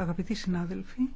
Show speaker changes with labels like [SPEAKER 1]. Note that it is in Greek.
[SPEAKER 1] Αγαπητοί συνάδελφοι,